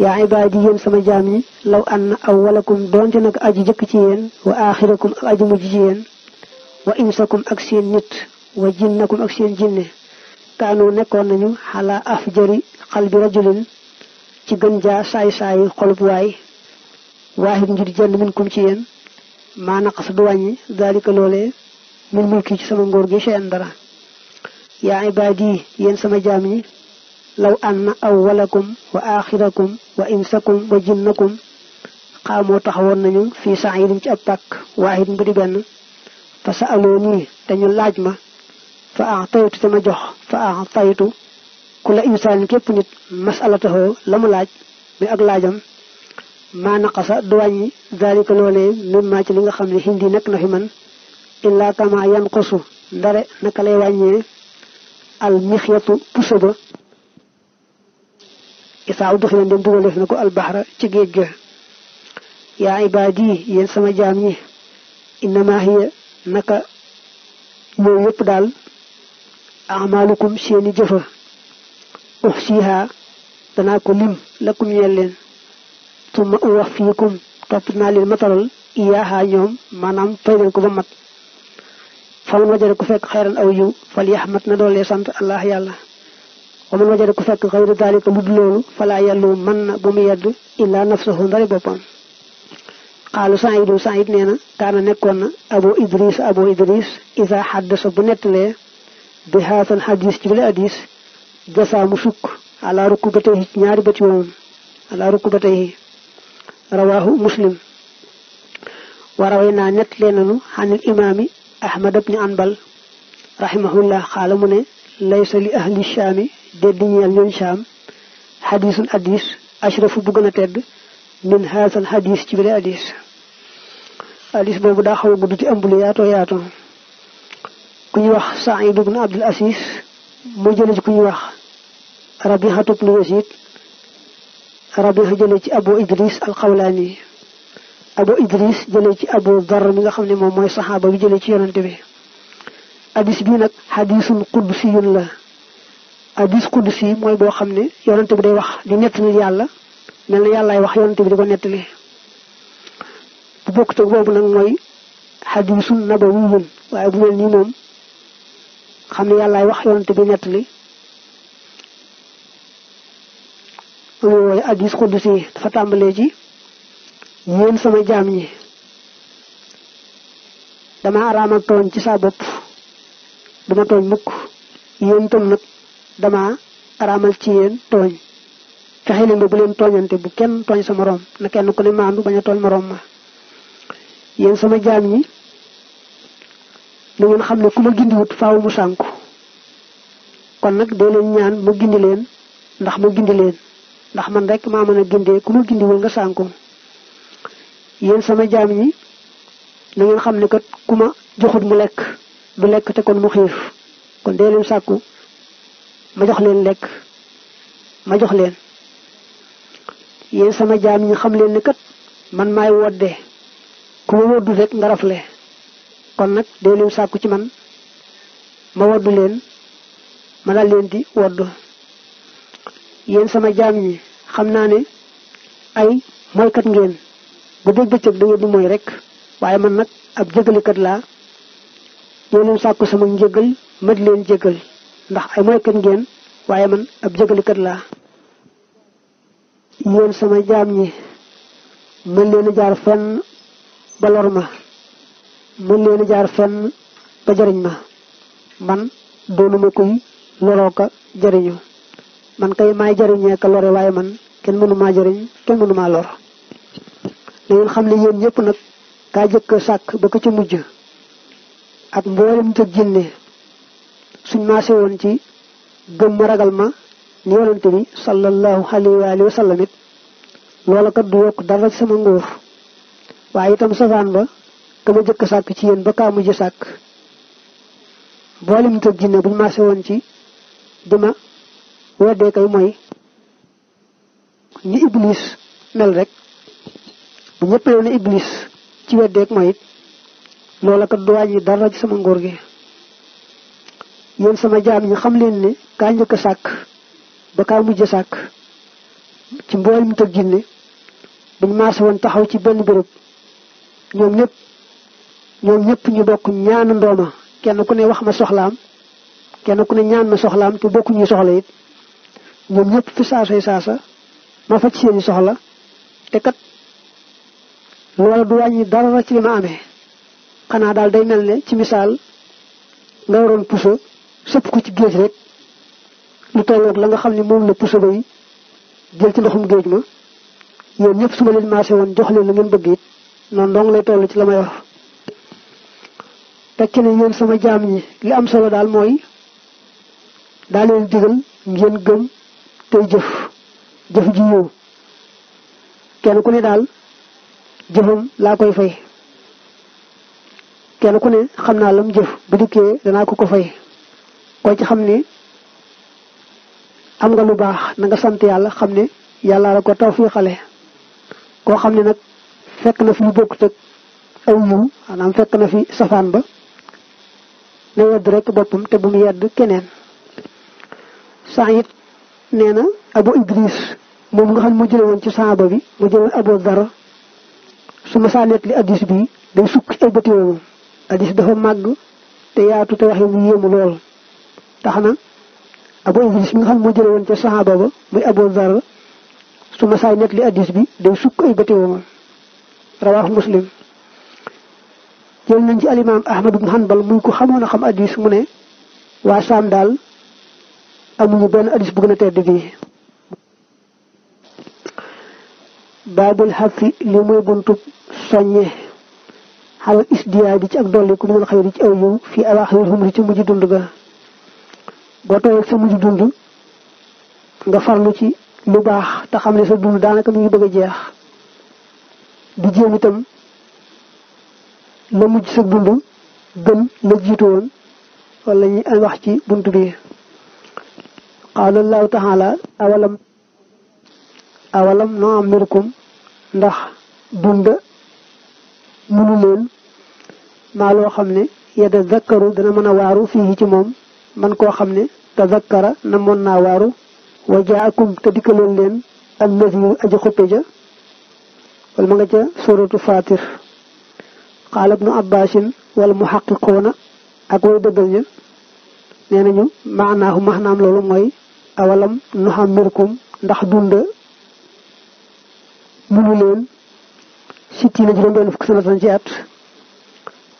yaa ibaadi yéen sama jaam yi law an na awwalakum doonte nag aji jëkk ci yéen wa aaxirakum ak aji mujj ci yéen wa insakum ak seen nit wa jinnakum ak seen jinne kaanu nekkoon nañu xalaa xal bi rajulin ci gën jaa saay saayi xolub waay waahid njur jenn min kum ci yéen maa naqas du wàññi daalika loolee min mulki ci sama ngóor gi seen dara yaa ibaadi yéen sama jaam yi law anna awwalakum wa axirakum wa insakum wa jinnakum xaamoo taxawoon nañu fii sa'irin ci ab pàkk waahid bu di benn fa sa'aloo nii dañu laaj ma fa a'taytu ma jox fa a'taytu képp nit masalataxoo la mu laaj mi ak laajam maa naqasa du wàññi daalika loolee mim maa ci li nga xam ne hindi nekk na fi man illaa kama yanqusu ndare naka lay wàññee al mixyatu puso ba isaa udxilan dem dugaleef na ko albaxra ci géej ga sama jaam ñi innama hiya naka yooyu yëpp daal amalukum seeni jëfa ux siiha danaa ko lim lakum ñeel leen summa uwax fiikum topp naa leen matalal iyaaha ñoom maanaam fay leen ko ba mat faman wajare ku fekk xayran aw yiw fal yaxmat na doole sant allah yàlla waman wajada ku fekk xayru daalika lu loolu fala yàllu mën bu mu yedd illaa nafsahu ndari boppam xaalu saidum said nee kaana nekkoon na abu idris abu idris isa xaddasa bu nettalee bi haatan xadis ci bile sukk ala rukku ci ñaari bati woom ala rawaahu muslim wa raway naa nett leenanu xanil imaami ahmad ibni anbal rahimahullah xaala ne laysa li ahli shaami de di ñeel ñooñ saam xadiisun hadis ashrafu bu gën a tedd min haasal hadis ci biir hadis hadis boobu daa xaw a gudd ci ëmbul yaatoo yaatoo ku ñuy wax Saïd ibn Abdul Asis moo jële ci ku ñuy wax Rabiha ibn Yazid ci Abu Idris al-Xawlaani Abu Idris jële ci Abu nga xam ne moom mooy saxaaba bi jële ci yonante bi bii nag hadisun qudsiyun la ak addis qudsi mooy boo xam ne yonante bi day wax di nettali yàlla mel na yàllaay wax yonante bi di ko nettali bu bokkut ak boobu nag mooy xadiisun nabawiyun waaye bu mel nii moom xam ne yàllaay wax yonante bi nettali mooy addis qudsi dafa tàmbalee ci yéen sama jaam ñi dama araamal tooñ ci saa bopp duma tooñ mukk yéen tam nag dama araamal ci yéen tooñ fexe leen ba bu leen tooñante bu kenn tooñ sa moroom na kenn ku ne maandu bañ a tooñ moroom ma yéen sama jaam yi na ngeen xam ne ku ma gindiwut mu sànku kon nag doo ñaan ma gindi leen ndax ma gindi leen ndax man rek maa mën a gindee ku ma gindiwul nga sànku yéen sama jaam ñi ngeen xam ne kat ma joxut mu lekk du lekk te kon mu xiif kon dee leen sàkku ma jox leen lekk ma jox leen yéen sama jaam ñu xam leen ni kat man maay woddee ku ma woddu rek nga rafle kon nag day leen sàkku ci man ma woddu leen ma daal leen di woddu yéen sama jaam ñi xam naa ne ay mooykat ngeen bu dégg bëccëg da di mooy rek waaye man nag ab jégalikat laa doo leen sàkku sama njégal mat leen jégal ndax ay moykat ngeen waaye man ab jégalikat laa yéen sama jaam ñi mën leen jaar fenn ba lor ma mën leen jaar fenn ba jariñ ma man doonuma kuy loroo ka jariñu man kay maay jariñee ka lore waaye man kenn mënu maa jariñ kenn mënu lor da xam ne yéen ñëpp nag kaa jëkk sàkk ba ko ci mujj ak mboolem te jinne suñ maase ci gëm ragal ma ni yonante bi sallallahu alayhi wa alihi loola kat du dara ci sama nguur waaye itam safaan ba ka ma jëkk sàkk ci yéen ba kaa sàkk boole mu tëg jinne buñ maase woon ci di ma weddee kay mooy ni iblis mel rek bu ñëpp ne iblis ci weddeek mooy loola kat dara ci sama nguur gi yéen sama jaam ñi xam leen ne kaa njëkk a sàkk ba kaa mujj sàkk ci mboolem nit ak buñ maase woon taxaw ci benn bërëb ñoom ñëpp ñoom ñu bokk ñaanu ndooma kenn ku ne wax ma soxlaam kenn ku ne ñaan ma soxlaam te bokku soxla it ñoom ñëpp fi saasay saasa ma faj seeni soxla te kat loola du wàññi dara ci li ma amee xanaa daal day mel ne ci misaal nga waroon puso sëpp ko ci géej rek lu tolloog la nga xam ni moom la pusoba yi jël ci ndoxum géej ma yéen ñëpp su ma leen maase woon jox leen la ngeen bëgg it noonu dong lay toll ci la may wax te ci ne yéen sama jaam ñi li am solo daal mooy daa leen digal ngeen gëm tey jëf jëf ji yiw kenn ku ne daal jëfam laa koy fay kenn ku ne xam naa lam jëf bu dikkee danaa ko ko fay koo ci xam ni am nga lu baax na nga sant yàlla xam ne yàlla la ko taw fii xale koo xam ne nag fekk na fi lu bokkut ak aw fi safaan ba na yedd rek boppam te bu mu yedd keneen it nee na abu idris moom nga xam mu jële woon ci saaba bi mu jële woon dara su ma saa nettali addis bi day sukk ay bëti moom dafa màgg te yaatu te wax yi mu yéemu lool tax na abu idris mi nga xam ne moo jële woon ca saxaaba ba muy abu zarra su ma saay nekk addis bi day sukk ay bëtéwoma rawaahu muslim jël nañ ci alimaam ahmad ibn hanbal muy ko xamoon a xam addis mu ne waa saam daal amuñu benn addis bu gën a tedd bii baabul xafi li muy buntub soññe xalal isdiyaa bi ci ak dolli ku minal xayri ci aw yow fii alaaxirihum ci mujj dund ga boo toog sa mujj dund nga farlu ci lu baax te xam ne sa dund daanaka mu ngi bëgg a jeex di jéem itam la mujj sa dund gën la jiitu woon wala ñuy wax ci bunt bi qaala allahu taala awalam awalam no amirkum ndax dund mënu leen maa loo xam ne yedda zakkaru dana mën a waaru fii ci moom man koo xam ne tazakkara na naa waaru wa jaakum te dikkaloon leen ak nasiru aji xuppe ja wala ma nga ca suratu fatir xaala ibnu abbasin wala mu xaqiqoona ak way dëggal ña nee nañu maanaahu maanaam loolu mooy awalam nu xamirkum ndax dunda munu leen sitti na juróom benn fukki sanatan ci at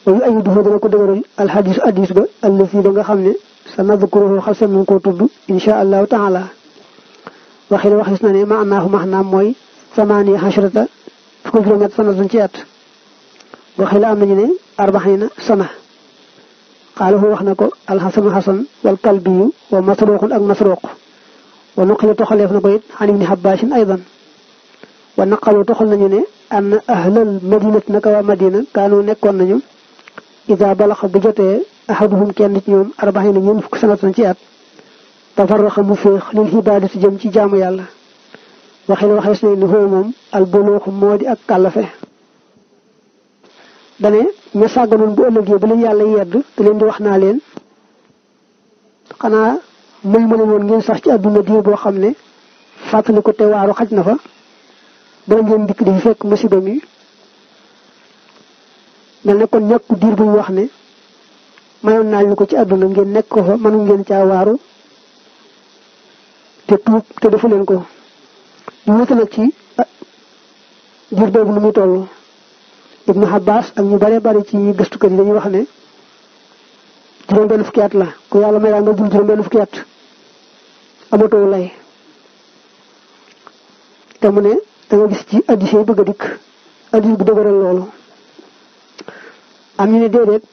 wayu ayiduhu dana ko dëgëral alxadis hadis ba allazi da xam ne sa nadkuruhu xam seen nañ koo tudd insha allahu taala waxil waxis na ne maanaahu maanaam mooy samaani xashrata fukki juróom-ñett sanatan ci at waxila am nañu ne arbaxina sana xaalahu wax na ko alxasanu xasan wal kalbiyu wa masruqun ak masruq wa nuqila toxaleef na ko it an ibni xabaasin aydan wa naqalu toxal nañu ne an ahlal madinati naka waa madina kaanu nekkoon nañu ida balax bu jotee ahaduhum kenn ci ñoom arbaxina ñeent fukk sanatan ci at tafarraxa mu féex lil xibaadati jëm ci jaamu yàlla waxin moom al moo di ak kàllafe dane ña sàgganoon bu yedd te leen di wax naa leen xanaa may ma ne woon ngeen sax ci àdduna diir boo xam ne fàttali ko te waaru xaj na fa bala ngeen dikk di fekk musiba mi mel ne kon diir bu wax ne mayoon naa leen ko ci àdduna ngeen nekk ko fa mënu ngeen caa waaru te tuub te defu leen ko ñu wute ci ah, jur boobu nu muy toll Ibnu Abbas ak ñu bare bari ci ñuy gëstukat yi dañuy wax ne juróom benn fukki at la ku yàlla may nga jur juróom benn fukki at amatoo lay te mu ne danga gis ci addis yi bëgg a dikk addis bu dëgëral loolu am ñu ne déedéet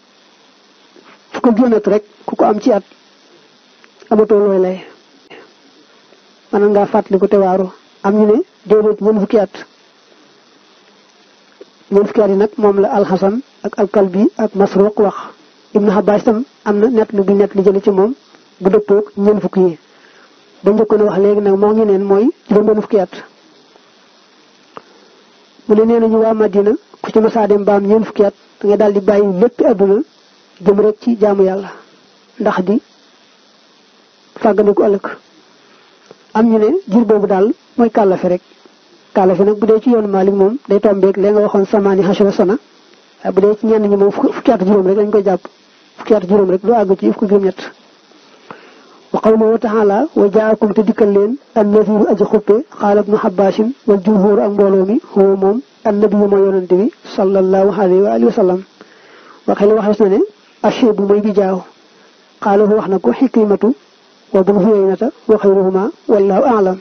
ko génnat rek ku ko am ci at amatoo looy lay mën ngaa fàttaliku te waaru am ñu ne déedéet ñeent fukki at yi nag moom la alxasan ak alkalbi ak masruq wax ibnu xabaas tam am na nett lu bi nett li jële ci moom bu dëppoog ñeent fukki yi ba njëkkoon wax léegi nag moo ngi neen mooy juróom benn fukki at mu ne nee nañu waa Madina ku ci masaa dem ba fukki at da ngay di bàyyi lépp àdduna jëm ci jaamu yàlla ndax di fàggandiku ëllëg am ñu ne jur boobu daal mooy kàllafe rek kàllafe nag bu dee ci yoonu Maalik moom day tombeeg léegi waxoon samaani xasara sana ah, bu dee ci ñenn moom fukki at koy jàpp fukki at rek du àgg ci fukki juróom-ñett wa qawluhu taala wa jaakum te dikkal leen annadiru ak mbooloo mi huwa moom annabi yu ma yonante bi sallallahu alayhi wa alihi wa sallam waxee li waxees na ne ashebu mooy bi jaaw xaalahu wax na ko xikimatu wa bun xuyeynata wa xayruhuma wallahu alam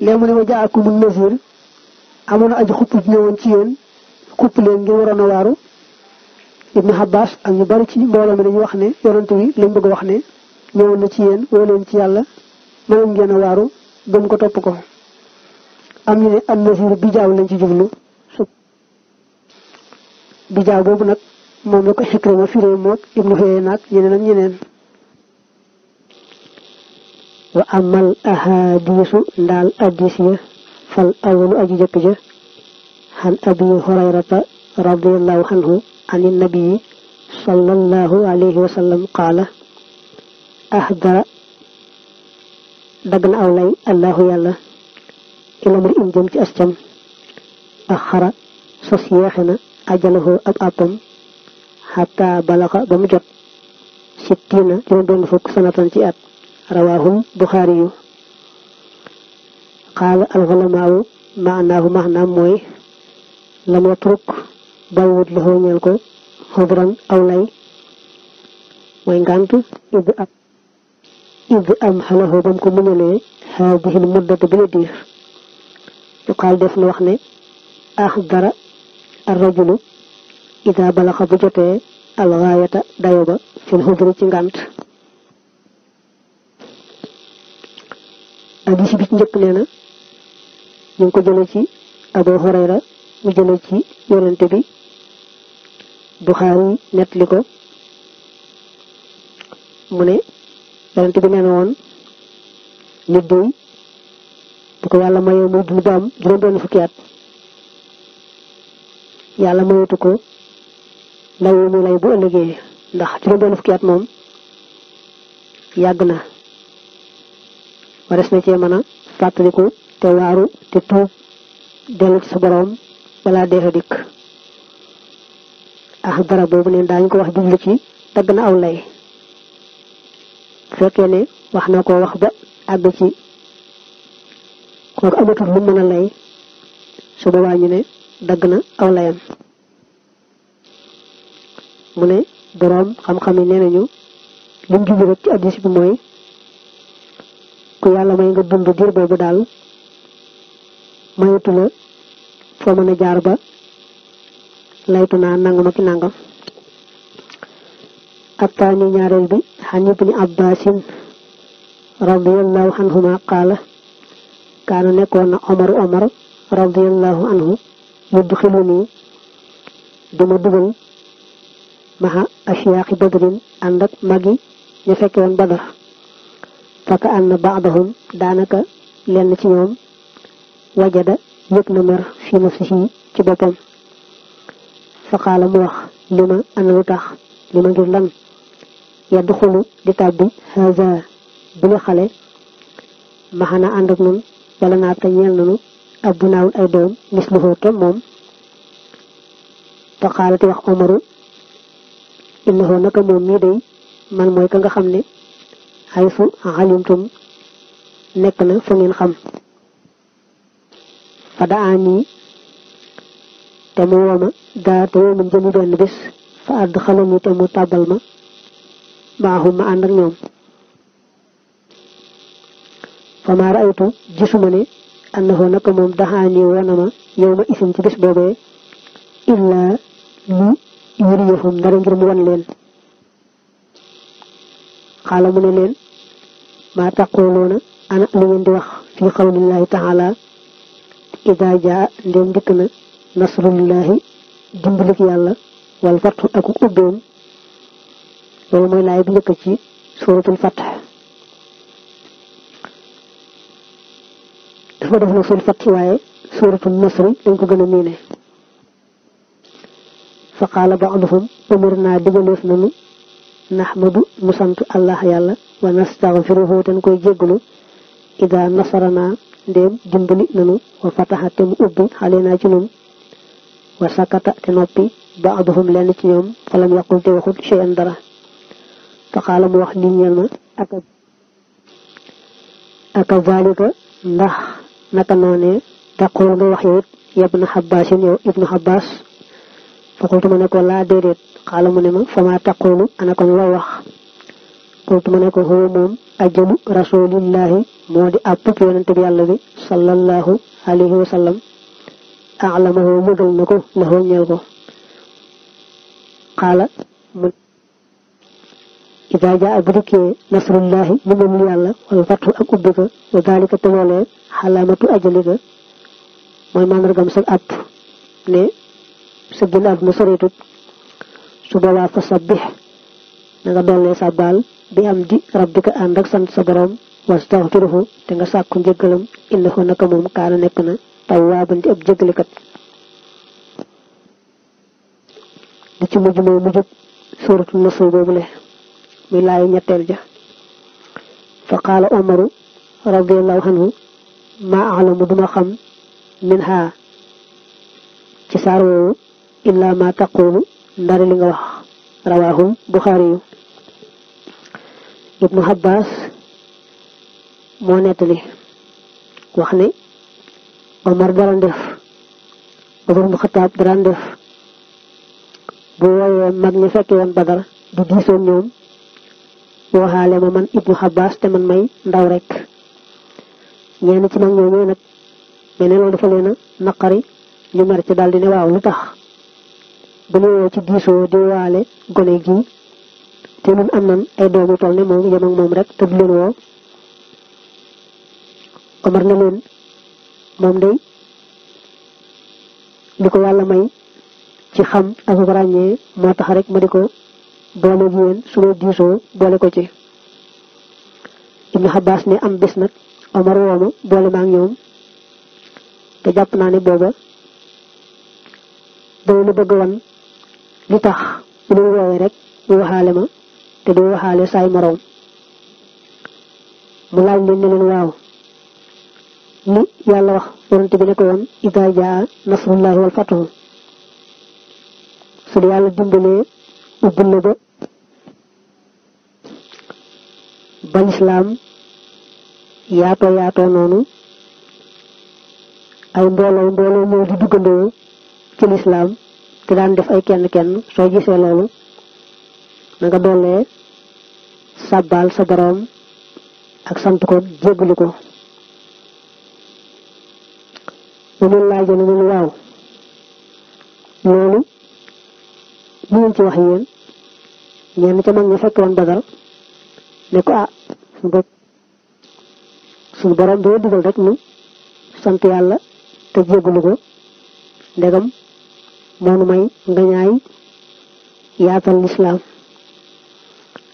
léegi mu ne ma jaa akumu nasir amoon na aji xupp ñëwoon ci yéen xupp leen ngir waroon a waaru ibnu Abbas ak ñu bari ci mbooloo mi dañu wax ne yonent lañ bëgg a wax ne ñëwoon na ci yéen woo leen ci yàlla mënoon ngeen a waaru gëm ko topp ko am ñu ne an nasir bi jaaw ci jublu bijaaw boobu nag moom la ko Ikrima firee moog ibnu Uyayna ak ñeneen ak ñeneen wa amal ahadiisu ndaal hadiis ya fal awalu abi hurayrata radiallahu anhu an nabii sallallahu alayhi wa sallam qaala ahdara dagg na aw lay allahu yàlla ilamri in ci as xataa balaxa ba mu jot sittiina juróom benn fukk sanatan ci at rawaahum buxaari yu xaala alxulamaawu maanaahu maanaam mooy lam yatruk bàyyiwut li xooñeel ko xodran aw lay mooy ngànt ib am ib am xalaxoo bam ko muñalee haadihil muddata bi la diir ñu xaal def na wax ne ax dara ar rajulu ida balaxa bu jotee alxaayata dayo ba fil xudri ci ngànt addis bi ci njëkk nee na ñu ngi ko jële ci abu hurayra mu jële ci yonente bi ko mu ne yonente bi nee woon nit day bu ko yàlla mayoo muy juróom benn fukki at yàlla mayatu ko law wu ñu lay bu ëllëgee ndax juróom benn fukki at moom yàgg na wares na cee mën a fàttaliku te waaru te tuub dellu ci sa boroom balaa dee fa dikk dara boobu neen daañu ko wax jublu ci dagg na aw lay fekkee ne wax na ko wax ba àgg ci kooku amatul lu mën a lay su boobaa ñu ne dagg na aw layam mu ne boroom xam-xam yi nee nañu lim ci addis bi mooy ku yàlla may nga dund diir boobu daal mayatu la mën a jaar ba laytu naa nangam ak nangam attaani ñaareel bi xan ibni abbasin radiallahu anhuma qaala kaana nekkoon na omaru omar radiallahu anhu yudxiluni duma dugal maha ashiyaaqi badrin ànd ak mag yi ñu fekke woon badar faka ànd na daanaka lenn ci ñoom wajada yëg na mer fi nafsihi ci boppam faqaala mu wax li ma ana lu tax li ma ngir lan yadxulu di tàbbi haza bi la xale maxana ànd ak nun wala naa te moom faqaala ti wax omaru innahu naka moom mii day man mooy ka nga xam ne xaysu xalimtum nekk na fa ngeen xam fa daa te mu woo ma daa te woo ma jëmu benn bés fa àdd xalamu te mu tàbbal ma maaxum ma ànd ñoom fa maa raaytu gisuma ne annahu naka moom daxaani woona ma yow ma isin ci bés boobee illaa lu yuriyahum nara ngir mu wan leen xaala ne leen maa taqooloona ana lu ngeen di wax fi qawlillahi taala ida jaa ndéem dikk na nasrullahi dimbalik yàlla wal fatxu ak ubbeem loolu mooy laay bu njëkk ci suratul fatx dafa def na sul ko gën a miine fa qaala ba'duhum umir naa digaleef nanu naxmadu nu sant allah yàlla wa nastaxfiruhu ten koy jéggalu ida nasarana ndéem dimbali nanu wa fataxa te mu ubbi xale naa ci nun wa sakata te noppi ba'duhum lenn ci ñoom falam yaqul te waxut shay'an dara fa qaala mu wax nit ñeel ma aka aka ndax naka noonee daqul nga wax yow it yabna xabbaasin yow ibnu xabbaas faqultu ma ne ko laa déedéet xaala mu ne ma fama taqulu ana kon loo wax qultu ma ne ko huwa moom ajamu rasulillahi moo di àppub yonent bi yàlla bi sallallahu alayhi wa sallam alamahu mëgal na ko laxoo ñeel ko xaala mu ida jaa bu dikkee nasrullahi ndimbalu yàlla wal fatxu ak ubbi ko wa dalika te loolee xalaamatu ajalika mooy mandargam sa àpp ne sa génn àdduna soreetut su boobaa fa sabbih na nga dollee sàbbaal bi am di rabbika ànd ak sant sa borom wastaghfiruhu te nga sàkku njëggalam innahu naka moom kaana nekk na tawwaaban di ab jëggalikat di ci mujj mooy mujjub suuratul nasr boobu le muy laayu ñetteel ja fa qaala omaru radiyallahu anhu maa alamu duma xam min haa ci saar woowu illaa ma taqulu ndara li nga wax rawaahu buxaari yu ibnu Abbas moo nettali wax ne Omar daan def Omar bu Xataab daan def bu woowee mag ñi fekkee woon Badar du diisoon ñoom waxaale ma man ibnu Abbas te man may ndaw rek ñenn ci mag ñoomee nag mais ne loolu dafa a naqari ñu mar ci daal di ne waaw lu tax bu ñu woo ci diisoo di waale gone gii te ñun am nan ay doom yu ne moom yem moom rek te du leen woo Omar na leen moom day li ko yàlla may ci xam ak ràññee moo tax rek ma di ko boole ji yéen su ma diisoo boole ko ci Ibn Abbas ne am bés nag Omar woo ma boole maa ñoom te jàpp naa ne booba dana la bëgg wan lu tax bu dul woowee rek ñu waxaale ma te doo waxaale saay moroom mu laaj leen ne leen waaw li yàlla wax yonente bi ne woon ida jaa wal fatuhu su yàlla dimbalee ubbil la ba ba yaatoo yaatoo noonu ay mbooloo mbooloo moo di duggandoo ci lislaam ki daan def ay kenn kenn soo gisee loolu na nga dollee sàbbaal sa boroom ak sant ko jéggalu ko mu mun laajo ne mun waaw loolu li ngeen ci wax yéen ñenn ca mag ñi fekk woon badal ne ah su bopp suñu boroom doo digal rek sant yàlla te jéggalu ko ndegam moo nu may ngañaay yaatal lislaam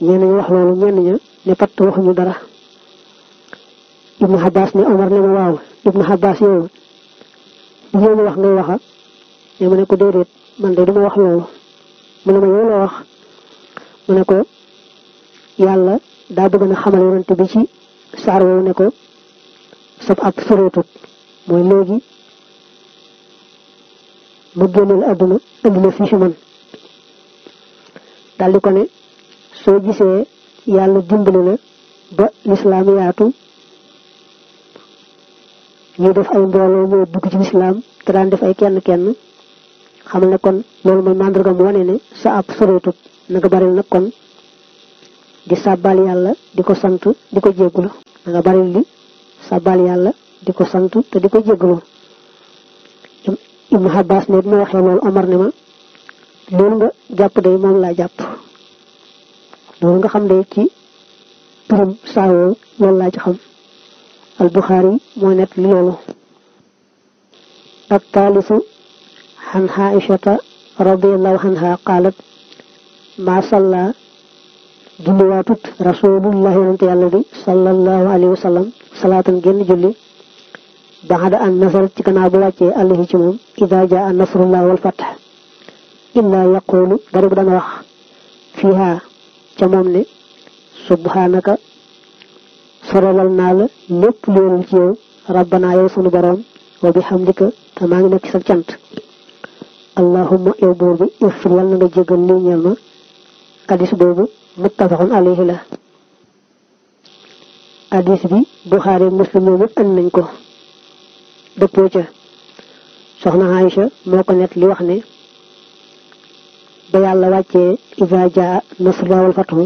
ñenn ñu wax loolu ñenn ña ne pat waxuñu dara ibnu Abbas ne Omar ne ma waaw ibnu Abbas yow bu ñëw ma wax ngay waxa ne ma ne ko déedéet man de duma wax loolu mu ne ma yow loo wax mu ne ko yàlla daa bëgg na xamal yonante bi ci saar woowu ne ko sab ab soreetut mooy léegi ma génnoon àdduna indi la fii ci man daldi ko ne soo gisee yàlla dimbali na ba lislaam yaatu ñuy def ay mbooloo moo dugg ci lislaam te daan def ay kenn kenn xamal ne kon loolu mooy màndargam wane ne sa ab soreetut nanga bari nag kon di sàbbaal yàlla di ko sant di ko jéggulu nanga bari li sàbbaal yàlla di ko sant te di ko jéggulu Ibnu Abbas ne bi ma waxee loolu Omar ne ma loolu nga jàpp day moom laa jàpp loolu nga xam de ci borom saawoo loolu laa ci xam al Buxaari moo nekk li loolu ak taalisu an Aïchata radiallahu anha qaalat maa salla julliwaatut rasulullahi yonente yàlla bi sallallahu alayhi wa sallam salaatan génn julli baxada an nazarat ci gannaaw ba wàccee àllahi ci moom ida jaa nasrullah wal fath illa yaqulu dara bu dana wax fiha ca moom ne subhanaka sorolal naa la lépp léerul ci yow rabbana yow sunu boroom wa bihamdika te maa ngi nekk ci sa cant allahumma yow buur bi ifir yàlla na nga jégal lii ñeel ma boobu muttafaxun alayhi la hadis bi buxaari muslim ñoom yëpp andi nañ ko dëppoo ca soxna Aïcha moo ko nekk li wax ne ba yàlla wàccee iza jaa nasrullahi wal fathu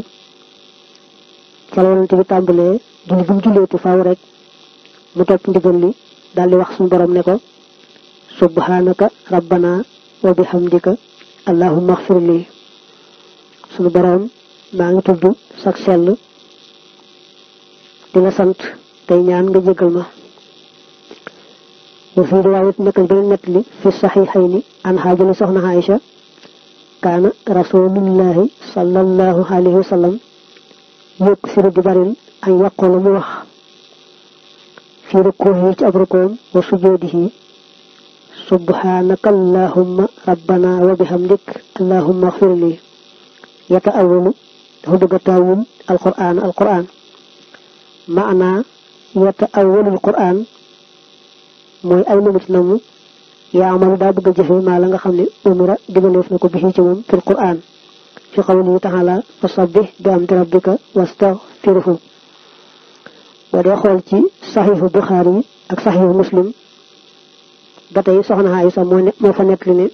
ca la yonent bi tàmbalee julli bu mu julleetu mu topp ndigal li daal di wax suñu borom ne ko subhanaka rabbana wa bihamdika allahumma xfir lii suñu maa ngi tudd sax sell di sant tey ñaan nga jégal ma wa fi riwaayat nekk na beneen nettali fi saxiixayni an xaajana soxna Aïcha kaana rasulullahi sallallahu alayhi wa sallam yokk di barin ay yàqoola mu fi rukkoo yi ci ab rukkoom rabbana wa bihamdik allahumma xfirli yata awalu dafa bëgg a taawun mooy ay limit namm yaa amalu daa bëgg a jëfe maa la nga xam ne umira digaleef na ko bisi ci moom fil quran fi qawlihi taala fasabbih bi hamdi rabbika wastaghfirhu boo dee xool ci saxiixu buxaari ak saxiixu muslim ba tey soxna Aysa moo ne moo fa nekk ne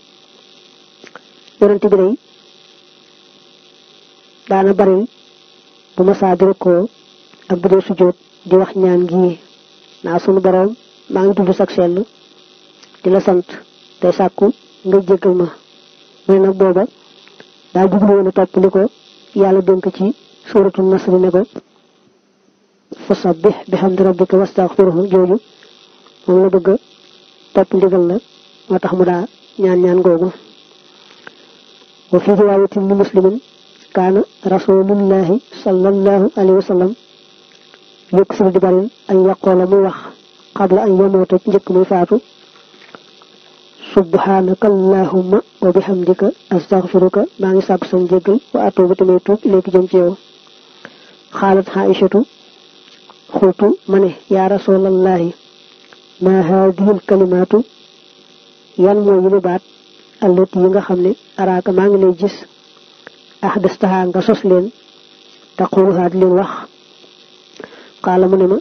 daana bari bu ma ko ak bu dee sujjóot di wax ñaan gii naa sunu borom maa ngi jublu sag sell di la sant tey sàkku nga jéggal ma mu ne nag booba daa jublu woon topp li ko yàlla dénk ci suuratul nasri ne ko fasabbih bihamdi rabbika wastaghfirhu jooju moom la bëgg topp moo tax mu daa ñaan ñaan googu wa fi riwaayatin li muslimin kaana rasuulullahi sallallahu alayhi wa yëkk si di baril ay yaqoola muy wax qabla an yamuuta njëkk muy faatu subhanaka allahumma wa bihamdika astaghfiruka maa ngi sàkku san jéggal wa atuubu tuub léegi jëm ci yow xaalat xaaishatu xultu ma ne yaa rasulallahi ma haadihil kalimaatu yan mooy lu baat allët yi nga xam ne araaka maa ngi lay gis ahdastaha nga sos leen taquluhaa di leen wax xaala ne ma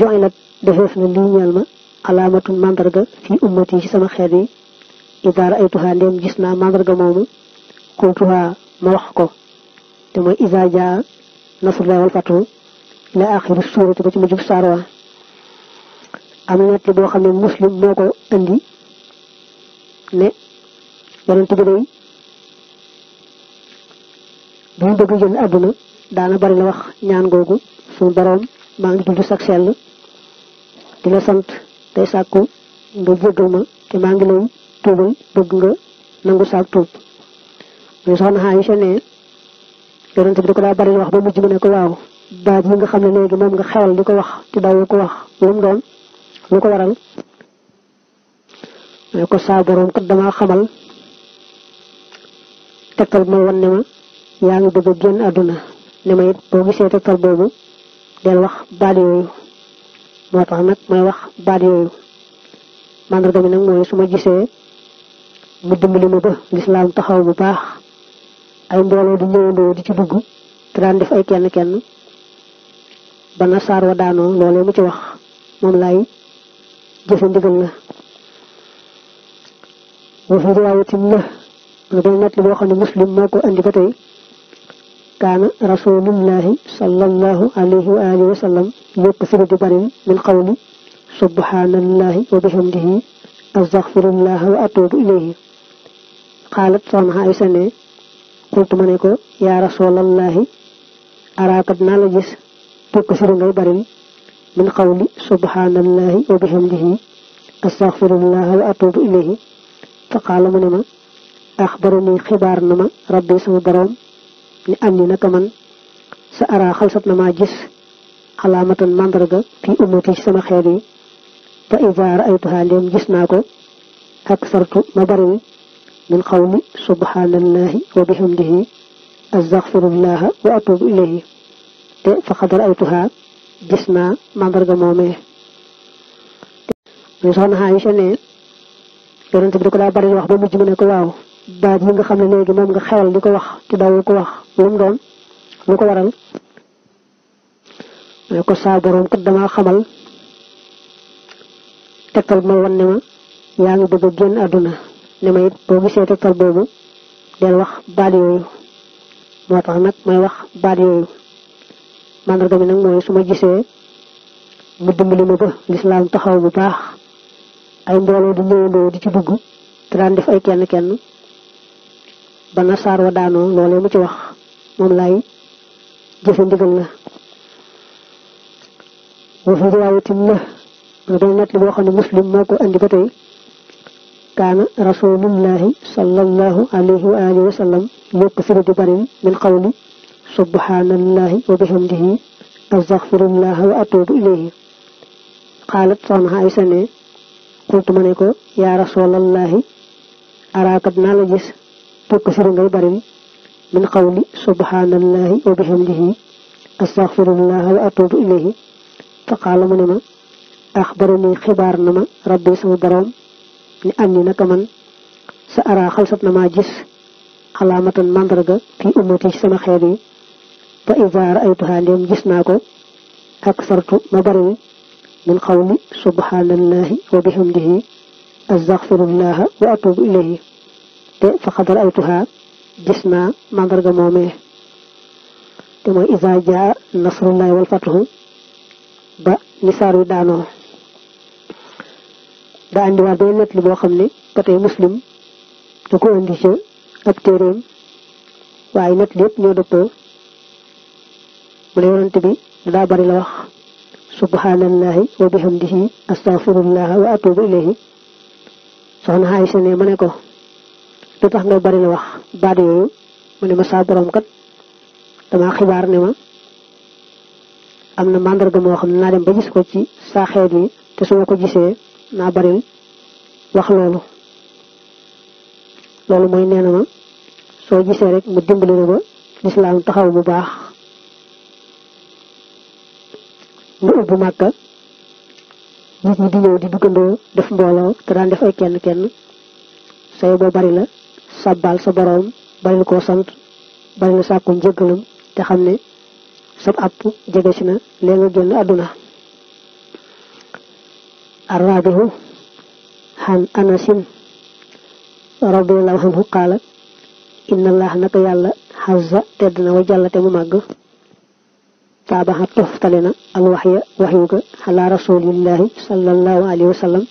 joilat defeef na lii ñeel ma alaamatun màndarga fii ummati ci sama xeet yi idaara ay tuhaa ndéem gis naa màndarga moomu xultuhaa ma wax ko te mooy isa jaa nasrullahi wal fatu ila axiri suurati ba ci mujjub saar wa am nett li boo xam ne muslim moo ko indi ne yonent bi day bi mu bëgg génn àdduna daana bari la wax ñaan googu suñu boroom maa ngi sag sell di sant tey sàkku nga jéggal ma te maa ngi lay tuubal bëgg nga nangu saak tuub muy soxna Aïcha ne yonent bi da ko daa bari wax ba mujj mu ne ko waaw baat yi nga xam ne léegi moom nga xewal di ko wax te bàyyi ko wax lu mu doon lu ko waral mu ko saa borom kat damaa xamal tegtal ma wan ne ma yaa ngi bëgg génn àdduna ne ma it boo gisee tegtal boobu del wax baat yooyu moo tax nag may wax baat yooyu mandarga nag mooy su ma gisee mu dimbali ma ba lislaam taxaw bu baax ay mbooloo di ñëwandoo di ci dugg te daan def ay kenn kenn ba saar wa daanoo loolee mu ci wax moom laay jëfe ndigal la wa fi riwaayatin la lu doon nett li boo xam ne muslim moo ko andi ba tey kaana rasulullahi sallallahu alayhi wa alihi wa sallam yuksiru di barin min qawli subhanallahi wa bihamdihi astaghfirullaha wa atubu ilayhi xaalat soxna Aysa ne qultu ma ne ko yaa rasulallahi araakat naa la gis tuksiru ngay barin min qawli subhanallahi wa bihamdihi astaghfirullaha wa atubu ilayhi fa qaala mu ne ma axbarani xibaar na ma rabbi sama borom ni am ni naka man sa ara xalsat na maa gis alaamatan màndarga fii ummati sama xeet yi fa ivaar ay tuxaaleem gis naa ko ak sartu ma bariwul min xawli subhanallahi wa bihamdihi astaxfirullaha wa atubu ilayhi te fa xadar ay tuxa gis naa màndarga moomee muy soxna Aïcha ne yonent bi da ko daa bari wax ba mujj mu ne ko waaw baat yi nga xam ne léegi moom nga xewal di ko wax te dawul ko wax lu mu doon lu ko waral mu ne ko saa boroom kat damaa xamal tegtal bu ma wan ne ma yaa ngi bëgg a génn àdduna ne ma boo gisee tegtal boobu del wax baat yooyu moo tax nag may wax baat yooyu màndarga mi nag mooy su ma gisee mu dimbali ma ba lislaam taxaw bu baax ay mbooloo di ñëwandoo di ci dugg te daan def ay kenn kenn ba nasaar wa daanoo loolee mu ci wax moom laay jëfe ndigal la wa fi riwaayatin ma doon nett li boo xam muslim moo ko andi ba tey kaana rasulullahi sallallahu alayhi wa alihi wa sallam barin min qawli subhanallahi wa bihamdihi astaghfirullah wa atubu ilayhi qaalat soxna Aysa ne qultu ma ne ko yaa rasulallahi araakat naa la gis tukk siri ngay barin min qawli subhanallahi wa bihamdihi astaghfirullah wa atubu ilayhi fa qaala mu ne ma axbarani xibaar na ma rabbi sama boroom ni am ni naka man sa ara xalsat na maa gis xalaamatan màndarga fi ummati ci sama xeet yi fa izaar ay tuxaandeem gis naa ko ak sartu ma bari min qawli subhanallahi wa bihamdihi astaghfirullah wa atubu ilayhi te fa xadar ay tuxaa gis naa màndarga moomee te mooy isa jaa nasrullahi wal fathu ba nisaar wi daanoo daa andiwaat beneen nettali boo xam ne ba muslim da ko andi ca ab waaye nettali yëpp ñoo dëppoo mu ne yonante bi daa bari la wax subhanallahi wa bihamdihi astaghfirullah wa atubu ilayhi soxna Aysa ne ma ne ko lu tax ngay bari la wax baat yooyu mu ne ma saa kat dama xibaar ne ma am na màndarga moo xam ne naa dem ba gis ko ci saa yi te su ma ko gisee naa bari wax loolu loolu mooy nee ma soo gisee rek mu dimbali na ba lislaam taxaw bu baax mu ubbu màkka nit ñi di ñëw di duggandoo def mbooloo te daan def ay kenn kenn sayo boo bari la sàbbaal sa boroom bari na koo sant bari na sàkku njëggalam te xam ne sab àpp jege si na léegi nga génn àdduna xan anasin radiyallahu anhu qaala inna allah naka yàlla xazza tedd na wa jàlla te mu màgg taabaxa toftale na al waxya waxyu ga xalaa rasulillahi sallallahu alayhi wa sallam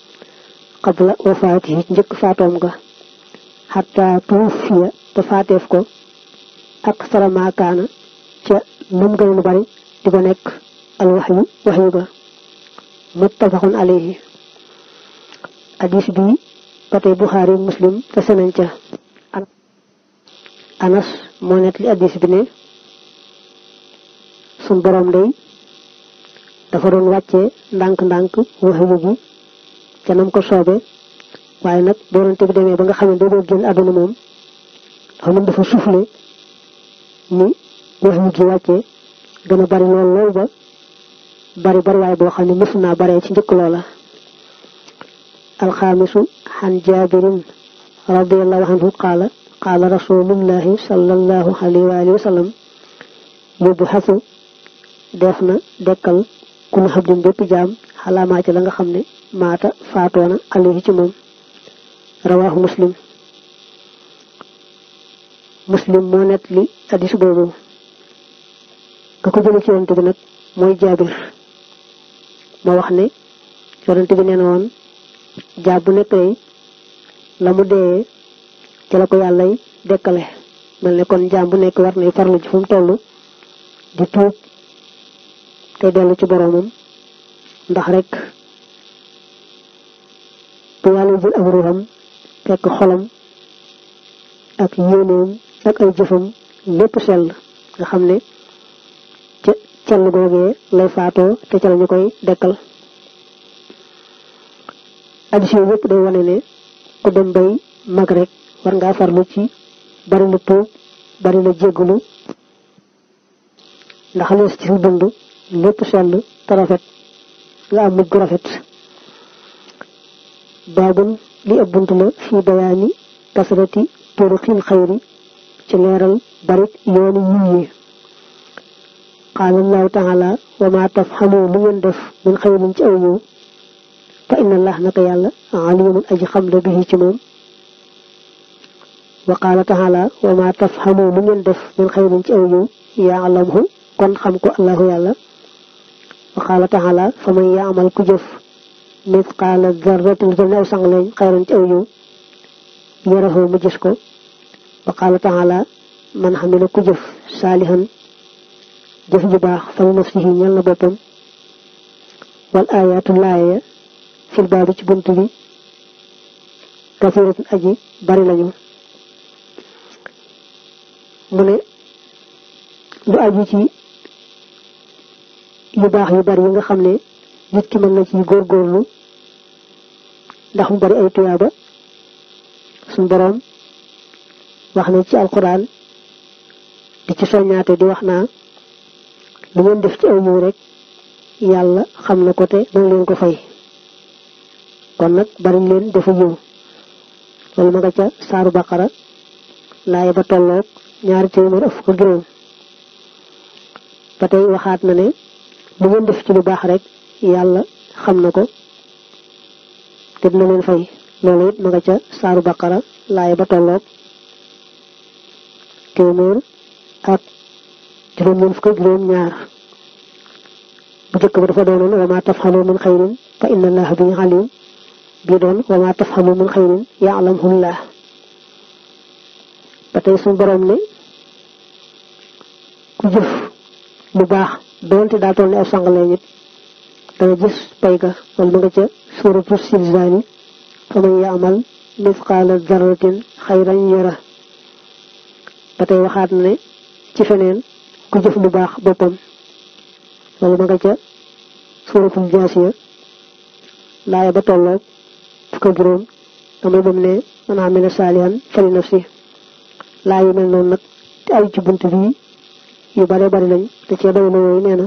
qabla wafaatihi njëkk faatoom ga xataa tawfiya ba faateef ko ak saramaakaana ca moom gënoon bari di ko nekk al waxyu waxyu ba muttafaqun alayhi hadis bi ba tey buxaari muslim te senañ ca anas moo nekk li hadis bi ne suñ borom day dafa doon wàccee ndànk-ndànk waxyu bi ca nam ko soobe waaye nag boronte bi demee ba nga xam ne doogoo génn àdduna moom dafa moom dafa soufflé ni wahyu gi wàccee gën a bari lool lool ba bari bari waaye boo xam ne mës naa baree ci njëkk loola alxaamisu xan jaabirin radiallahu anhu qaala qaala rasulullahi sallallahu alayhi wa alihi wa sallam def na dekkal kun xabdin bépp jaam xalaamaa ci la nga xam ne maata faatoona alayhi ci moom rawaax muslim muslim moo net li addis boobu nga ko jële ci bi nag mooy jaabir moo wax ne yonent bi nee na bu nekk lay la mu dee ci la ko yàllay dekkale mel ne kon jaam bu nekk war nay farlu ci fu mu di tuub te dellu ci boroomam ndax rek bu yàlla jël ak fekk xolam ak yéeneem ak ay jëfam lépp sell nga xam ne ca cell googee lay faatoo te ca lañu koy dekkal addisiyon yëpp day wane ne ku dem bay mag rek war ngaa farlu ci bari na tuub bari na jéggulu ndax lees ci dund lépp sell te nga am mujj gu rafet baabun li ab bunt la fii bayaani kasrati turuqil xayri ci leeral barit yoonu yiw yi qaala allahu taala wa ma tafhamu lu ngeen def min xayrin ci aw fa inna allah naka yàlla alimun xam la bihi ci moom wa qaala taala wa ma tafhamu lu ngeen def min xayrin ci aw ñëw yaalamhu kon xam ko allahu yàlla wa qaala taala fa man yaamal ku jëf misqaala zarratin lu ne aw sang lañ xayran ci aw yiw mu gis wa qaala taala man xamila ku jëf saalihan jëf ju baax fa nafsihi ñal na boppam wal ayaatu laaya fil baabi ci bunt bi kasiratun aji bari lañu mu ne lu aji ci yu baax yu bari nga xam ne nit ki mën na ci góorgóorlu ndax mu bari ay tuyaaba suñu boroom wax na ci alquran di ci soññaate di wax naa lu ngeen def ci aw yiw rek yàlla xam na ko te danga leen ko fay kon nag bari leen dafa yiw loolu ma nga ca saaru baqara laay ba tolloog ñaari téeméer ak fukk ak juróom ba tey waxaat na ne lu ngeen def ci lu baax rek yàlla xam na ko te dina leen fay loolu it ma nga ca saaru baqara laay ba tolloog téeméer ak juróom ñaar bu jëkk ba dafa doonoon wa ma tafhamu min xayrin fa inna allaha ba tey suñu borom ne ku jëf bu baax doonte daa toll ne ab sàng la danga gis pay ga man ma nga ca suuratu silzaani faman yaamal misqaala zarratin xayran yara ba tey waxaat na ne ci feneen ku jëf lu baax boppam loolu ma nga ca suuratul jaasiya laaya ba tolloog fukk ak juróom damay bam ne man amila saalihan fali nafsi laay mel noonu nag te ay ci bunt bii yu bare bari lañ te cee doy na yooyu